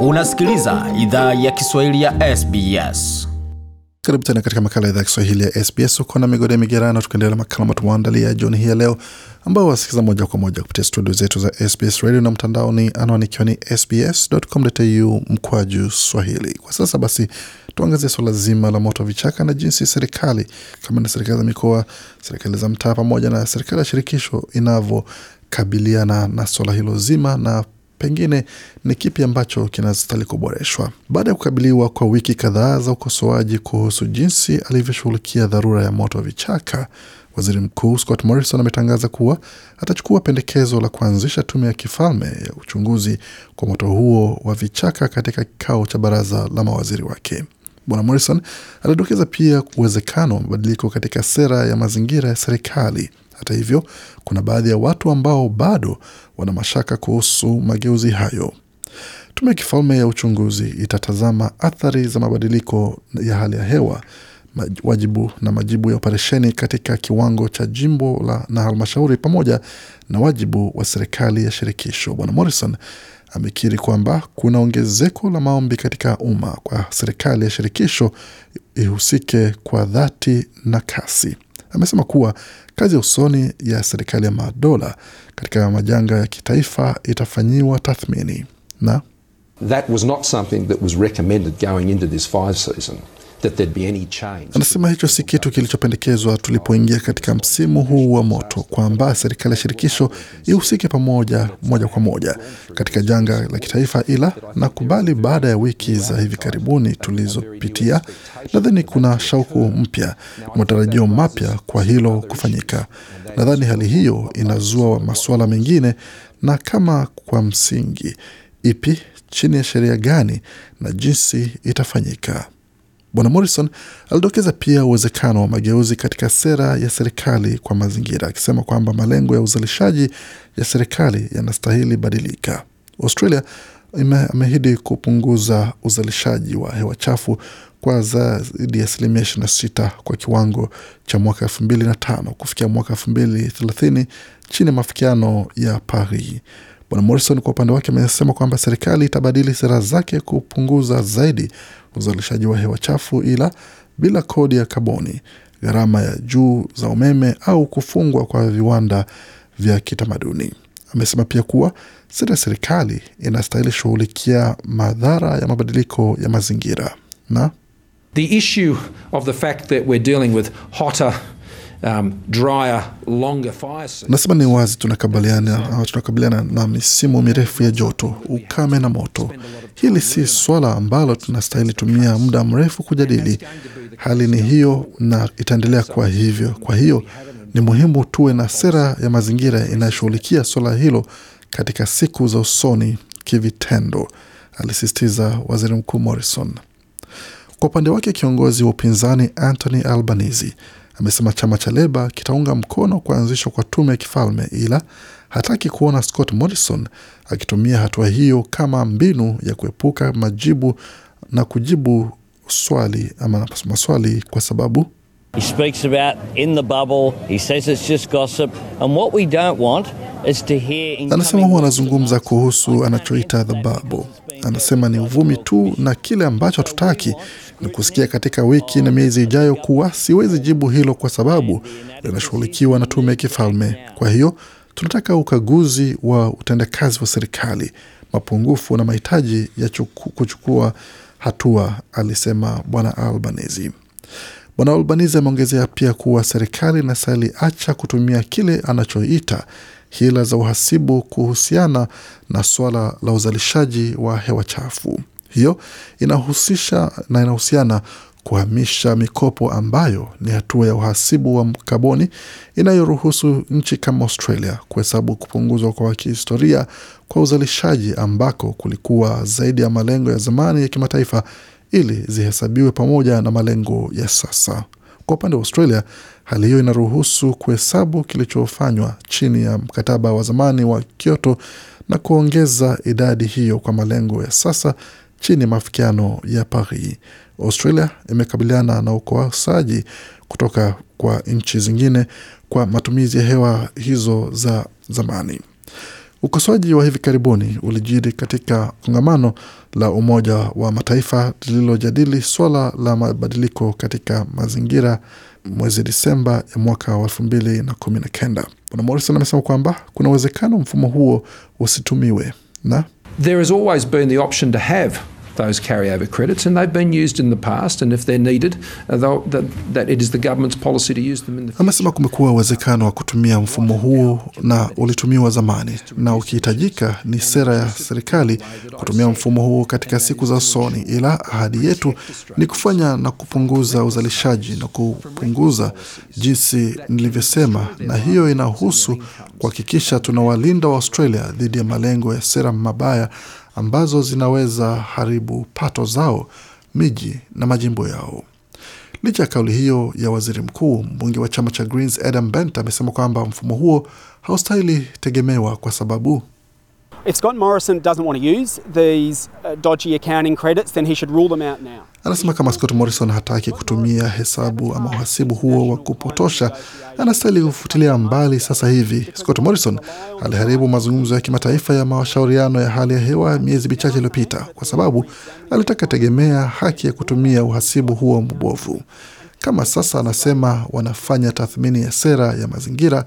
Unasikiliza idhaa ya Kiswahili ya SBS. Karibu tena katika makala ya idhaa ya Kiswahili ya SBS. Uko na Migode Migerano, tukiendelea na makala tumeandalia jioni hii ya leo, ambao wasikiliza moja kwa moja kupitia studio zetu za SBS radio na mtandaoni, anwani ikiwa ni sbs.com.au mkwaju swahili. Kwa sasa basi, tuangazie suala zima la moto vichaka na jinsi serikali kama na serikali za mikoa, serikali za mtaa, pamoja na serikali ya shirikisho inavyokabiliana na swala hilo zima na pengine ni kipi ambacho kinastahili kuboreshwa. Baada ya kukabiliwa kwa wiki kadhaa za ukosoaji kuhusu jinsi alivyoshughulikia dharura ya moto wa vichaka, waziri mkuu Scott Morrison ametangaza kuwa atachukua pendekezo la kuanzisha tume ya kifalme ya uchunguzi kwa moto huo wa vichaka katika kikao cha baraza la mawaziri wake. Bwana Morrison alidokeza pia uwezekano wa mabadiliko katika sera ya mazingira ya serikali hata hivyo, kuna baadhi ya watu ambao bado wana mashaka kuhusu mageuzi hayo. Tume ya Kifalme ya Uchunguzi itatazama athari za mabadiliko ya hali ya hewa wajibu na majibu ya operesheni katika kiwango cha jimbo la na halmashauri pamoja na wajibu wa serikali ya shirikisho. Bwana Morrison amekiri kwamba kuna ongezeko la maombi katika umma kwa serikali ya shirikisho ihusike kwa dhati na kasi amesema kuwa kazi ya usoni ya serikali ya madola katika majanga ya kitaifa itafanyiwa tathmini na That was not something that was recommended going into this Anasema hicho si kitu kilichopendekezwa tulipoingia katika msimu huu wa moto, kwamba serikali ya shirikisho ihusike pamoja moja kwa moja katika janga la kitaifa, ila nakubali, baada ya wiki za hivi karibuni tulizopitia, nadhani kuna shauku mpya, matarajio mapya kwa hilo kufanyika. Nadhani hali hiyo inazua masuala mengine, na kama kwa msingi ipi, chini ya sheria gani na jinsi itafanyika. Bwana Morrison alidokeza pia uwezekano wa mageuzi katika sera ya serikali kwa mazingira, akisema kwamba malengo ya uzalishaji ya serikali yanastahili badilika. Australia ameahidi kupunguza uzalishaji wa hewa chafu kwa zaidi ya asilimia sita kwa kiwango cha mwaka tano kufikia mwaka thelathini chini ya mafikiano ya Paris. Bwana Morrison kwa upande wake amesema kwamba serikali itabadili sera zake kupunguza zaidi uzalishaji wa hewa chafu, ila bila kodi ya kaboni, gharama ya juu za umeme au kufungwa kwa viwanda vya kitamaduni. Amesema pia kuwa sera ya serikali inastahili shughulikia madhara ya mabadiliko ya mazingira na the issue of the fact that we're dealing with hotter Um, drier, longer Nasema ni wazi tunakabiliana, tunakabiliana na misimu mirefu ya joto, ukame na moto. Hili si swala ambalo tunastahili tumia muda mrefu kujadili. Hali ni hiyo na itaendelea kwa hivyo. Kwa hiyo ni muhimu tuwe na sera ya mazingira inayoshughulikia swala hilo katika siku za usoni kivitendo, alisisitiza Waziri Mkuu Morrison. Kwa upande wake, kiongozi wa upinzani Anthony Albanese amesema chama cha Leba kitaunga mkono kuanzishwa kwa tume ya kifalme, ila hataki kuona Scott Morrison akitumia hatua hiyo kama mbinu ya kuepuka majibu na kujibu swali ama maswali kwa sababu He speaks about in the bubble. He says it's just gossip. And what we don't want is to hear. Anasema huwa anazungumza kuhusu anachoita the bubble. Anasema ni uvumi tu, na kile ambacho hatutaki ni kusikia katika wiki na miezi ijayo kuwa siwezi jibu hilo kwa sababu linashughulikiwa na tume ya kifalme. Kwa hiyo tunataka ukaguzi wa utendakazi wa serikali, mapungufu na mahitaji ya chuku, kuchukua hatua, alisema Bwana Albanese. Bwana Albanizi ameongezea pia kuwa serikali inastahili acha kutumia kile anachoita hila za uhasibu kuhusiana na swala la uzalishaji wa hewa chafu. Hiyo inahusisha na inahusiana kuhamisha mikopo ambayo ni hatua ya uhasibu wa kaboni inayoruhusu nchi kama Australia kuhesabu kupunguzwa kwa kihistoria kwa uzalishaji ambako kulikuwa zaidi ya malengo ya zamani ya kimataifa ili zihesabiwe pamoja na malengo ya sasa. Kwa upande wa Australia, hali hiyo inaruhusu kuhesabu kilichofanywa chini ya mkataba wa zamani wa Kyoto na kuongeza idadi hiyo kwa malengo ya sasa chini ya maafikiano ya Paris. Australia imekabiliana na ukosaji kutoka kwa nchi zingine kwa matumizi ya hewa hizo za zamani. Ukosoaji wa hivi karibuni ulijiri katika kongamano la Umoja wa Mataifa lililojadili swala la mabadiliko katika mazingira mwezi Disemba ya mwaka wa elfu mbili na kumi na kenda. Bwana Morrison amesema kwamba kuna uwezekano mfumo huo usitumiwe na There has always been the option to have those carryover credits, and they've been used in the past, and if they're needed, uh, that, that it is the government's policy to use them in the future. Amesema kumekuwa uwezekano wa kutumia mfumo huo na ulitumiwa zamani, na ukihitajika ni sera ya serikali kutumia mfumo huo katika siku za usoni, ila ahadi yetu ni kufanya na kupunguza uzalishaji na kupunguza jinsi nilivyosema, na hiyo inahusu kuhakikisha tunawalinda Waaustralia dhidi ya malengo ya sera mabaya ambazo zinaweza haribu pato zao, miji na majimbo yao. Licha ya kauli hiyo ya waziri mkuu, mbunge wa chama cha Greens Adam Bent amesema kwamba mfumo huo haustahili tegemewa kwa sababu If Scott Morrison doesn't want to use these uh, dodgy accounting credits, then he should rule them out now. Anasema kama Scott Morrison hataki kutumia hesabu ama uhasibu huo wa kupotosha, anastahili kufutilia mbali sasa hivi. Scott Morrison aliharibu mazungumzo ya kimataifa ya mashauriano ya hali ya hewa miezi michache iliyopita kwa sababu alitaka tegemea haki ya kutumia uhasibu huo mbovu. Kama sasa anasema wanafanya tathmini ya sera ya mazingira,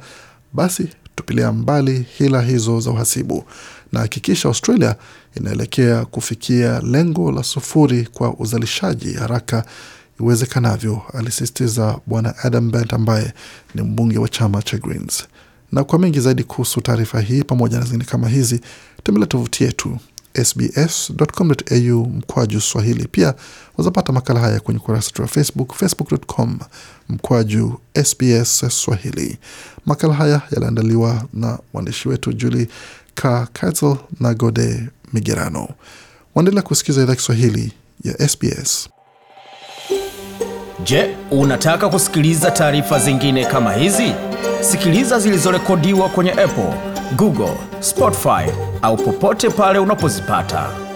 basi tupilia mbali hila hizo za uhasibu na hakikisha Australia inaelekea kufikia lengo la sufuri kwa uzalishaji haraka iwezekanavyo, alisisitiza Bwana Adam Bent ambaye ni mbunge wa chama cha Greens. Na kwa mengi zaidi kuhusu taarifa hii pamoja na zingine kama hizi, tembelea tovuti yetu sbs.com.au mkwaju swahili. Pia wazapata makala haya kwenye kurasa wetu wa Facebook, facebook.com mkwaju sbs swahili. Makala haya yaliandaliwa na mwandishi wetu Juli ka Kazel na Gode Migerano. Waendelea kusikiza idhaa Kiswahili ya SBS. Je, unataka kusikiliza taarifa zingine kama hizi? Sikiliza zilizorekodiwa kwenye Apple, Google, Spotify au popote pale unapozipata.